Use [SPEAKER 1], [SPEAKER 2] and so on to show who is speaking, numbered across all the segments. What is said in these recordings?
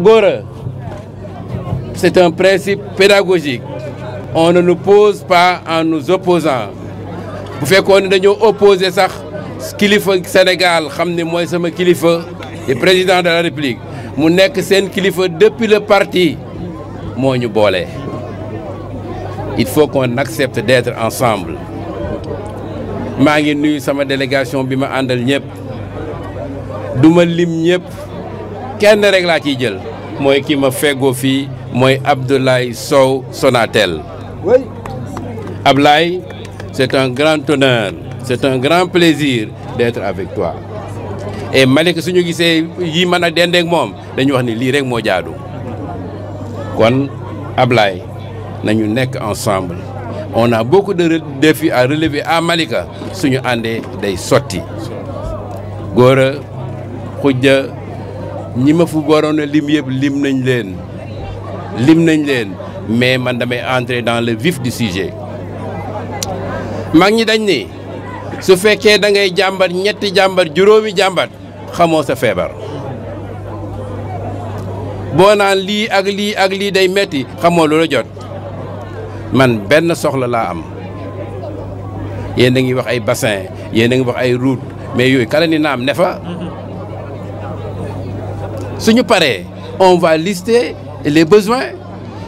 [SPEAKER 1] Gore, c'est un principe pédagogique. On ne nous pose pas en nous opposant. Pour faire qu'on nous opposer ça. Ce qu'il faut Sénégal, moi, c'est le président de la République. Mon ce qu'il faut depuis le parti il faut qu'on accepte d'être ensemble suis ngi ma délégation Je suis duma kenn rek laa ciy jël mooy ki ma feggoo fii mooy Abdoulaye Sow Sonatel Ablaye c'est un grand honneur c'est un grand plaisir d'être avec toi et malika suñu gisee yi mën a dendeeg moom dañu wax ni lii rek moo jaadu kon Ablaye nañu nekk ensemble on a beaucoup de défis à relever à Malika suñu àndee day sotti góor a xujja ñi ma fu lim lim mais je damay entrer dans le vif du sujet mag ñi dañ ni su fekkee da ngay jàmbat ñetti jàmbat juróomi fait xamoo sa feebar boo naan lii ak lii ak lii day metti xamoo jot man benn soxla laa am yéen ngi wax ay bassin yéen a ngi wax ay route mais yooyu kala ni naam suñu paree on va lister les besoins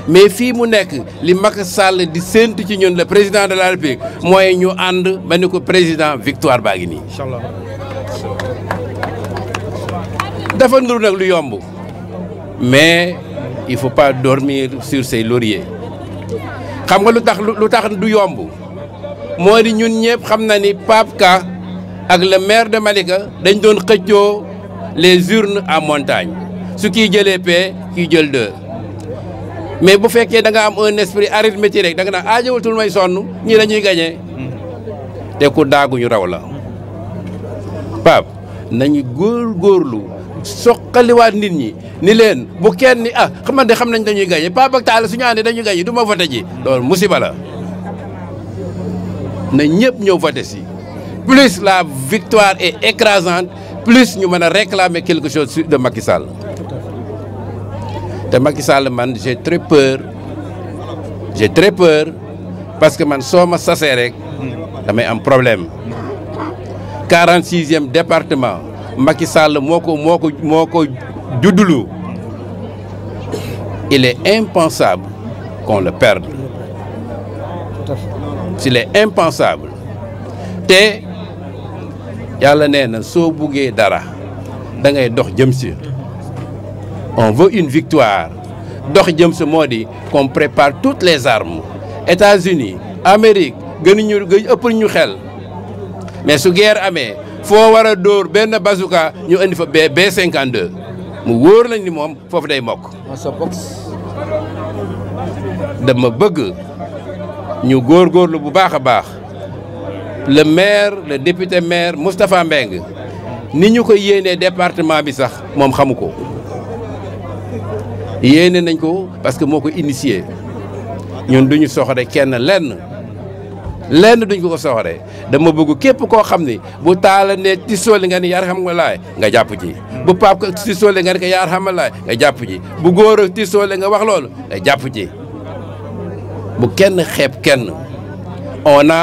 [SPEAKER 1] mais fii mu nekk li Macky Sall di séentu ci ñun le président de la République mooy ñu ànd Victor ni ko président victoire baa ngi nii. lu yomb mais il faut pas dormir sur ses lauriers xam nga lu tax lu tax du yomb moo di ñun ñëpp xam na ni ak le maire de Malika dañ doon xëccoo les urnes à montagne Ce qui jëlee paie qui jël deux mais bu fekkee da nga am un esprit arithmétique rek da nga naan aajowutul ah, may sonn ñii dañuy gagner. te ku daaguñu raw la Pape nañu sokali soqaliwaat nit ñi ni len bu kenn ni ah xam de xam nañ dañuy gagner pa ak Talla suñu àndee dañuy gagner duma ma voté ji loolu musiba la na ñepp ñeu voté ci plus la victoire est écrasante plus nous avons réclamé quelque chose de Macky Sall j'ai très peur j'ai très peur parce que man un un problème 46e département Macky Sall Moko il est impensable qu'on le perde il est impensable yalla nee so soo dara da ngay dox jëm ci on veut une victoire dox jëm si modi qu'on prépare toutes les armes États-Unis Amérique ñu gën ëpp ñu xel mais su guerre amé fo wara a ben bazooka ñu andi fa B 52 mu woor lañ ni mom fofu day mokk. dama bëgg ñu lu bu baaxa baax le maire le député maire Moustapha Mbeng nous avons ko le département bi sax je parce que je suis initié ñun duñu kenn lenn lenn duñ ko soxoré dama bëgg képp ko xamni bu taala ne ci nga ni yar xam nga ci bu pap ko ci nga ni yar nga ci bu goor a ci nga wax lool nga japp ci bu kenn kenn on a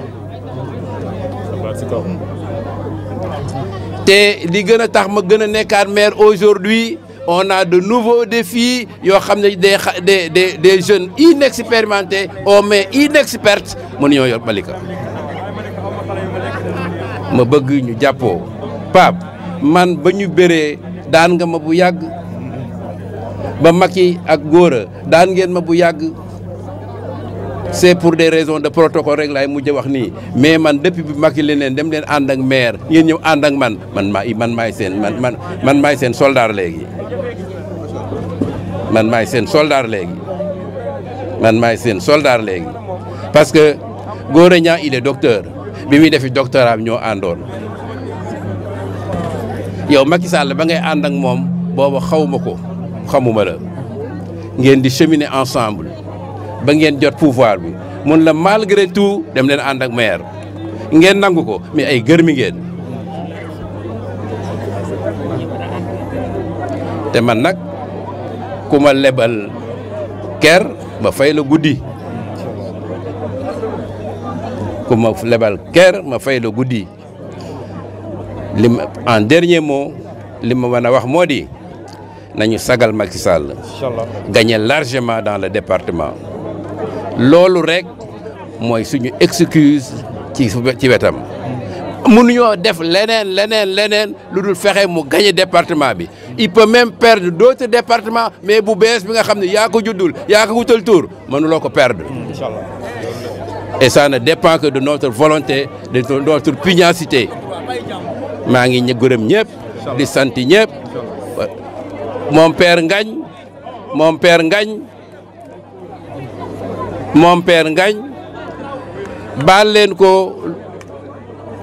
[SPEAKER 1] ci kaw te li gën a tax ma maire aujourd'hui on a de nouveaux défis Yo xam des des des des jeunes inexpérimentés on met inexpertes mënuñoo yor Malika ma bëgg ñu jàppoo Pape man bañu béré daan nga ma bu yàgg ba Macky ak goor daan ngeen ma bu yàgg c'est pour des raisons de protocole rek je wax mais man depuis que je suis dem len suis ak maire and ak man man mai man man man man soldat man sen soldat légui man mai sen soldat légui parce que Gora il est docteur bi muy defi doctorat ñoo yow Macky Sall ba ngay and ak mom, bobu xawmako xamuma la ensemble ba ngeen jot pouvoir bi mun la malgré tout dem leen ànd ak maire ngeen nangu ko mais ay gërmi ngeen te man nag ku ma lebal ker ma fay la guddi ku ma lebal ker ma fay la guddi li en dernier mot li ma mën a wax moo di nañu sagal Macky Sall gagné largement dans le département loolu rek mooy suñu excuse ci ci wetam mënuñoo def leneen leneen leneen lu dul fexe mu gagné département bi il peut même perdre d' autres départements mais bu bees bi nga xam ne yaa ko juddul yaa ko wutal tour mënuloo ko perdre mm, inchallah et ça ne dépend que de notre volonté de notre pugnacité maa ngi ñu gërëm ñëpp di sant ñëpp moom père Ngagne mon père Ngagne mon père gagne. Balenko leen ko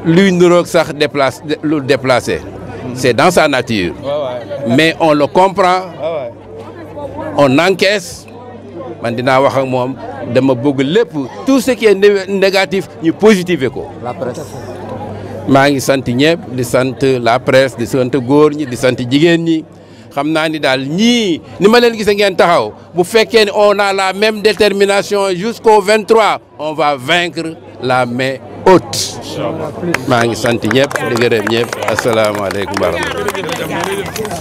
[SPEAKER 1] luy nuroog sax déplace le déplacer. c'est dans sa nature mais on le comprend on encaisse man dinaa wax de me dama bëgg pouces, tout ce qui est négatif ñu positif. ko la presse maa ngi sant ñëpp di sant la presse di sant góor ñi di sant jigéen ñi xam dal ni daal ñii ni ma leen ngeen taxaw bu fekkee on a la même détermination jusqu'au 23 on va vaincre la main haute. Mangi ngi sant ñëpp di gërëm ñëpp asalaamaaleykum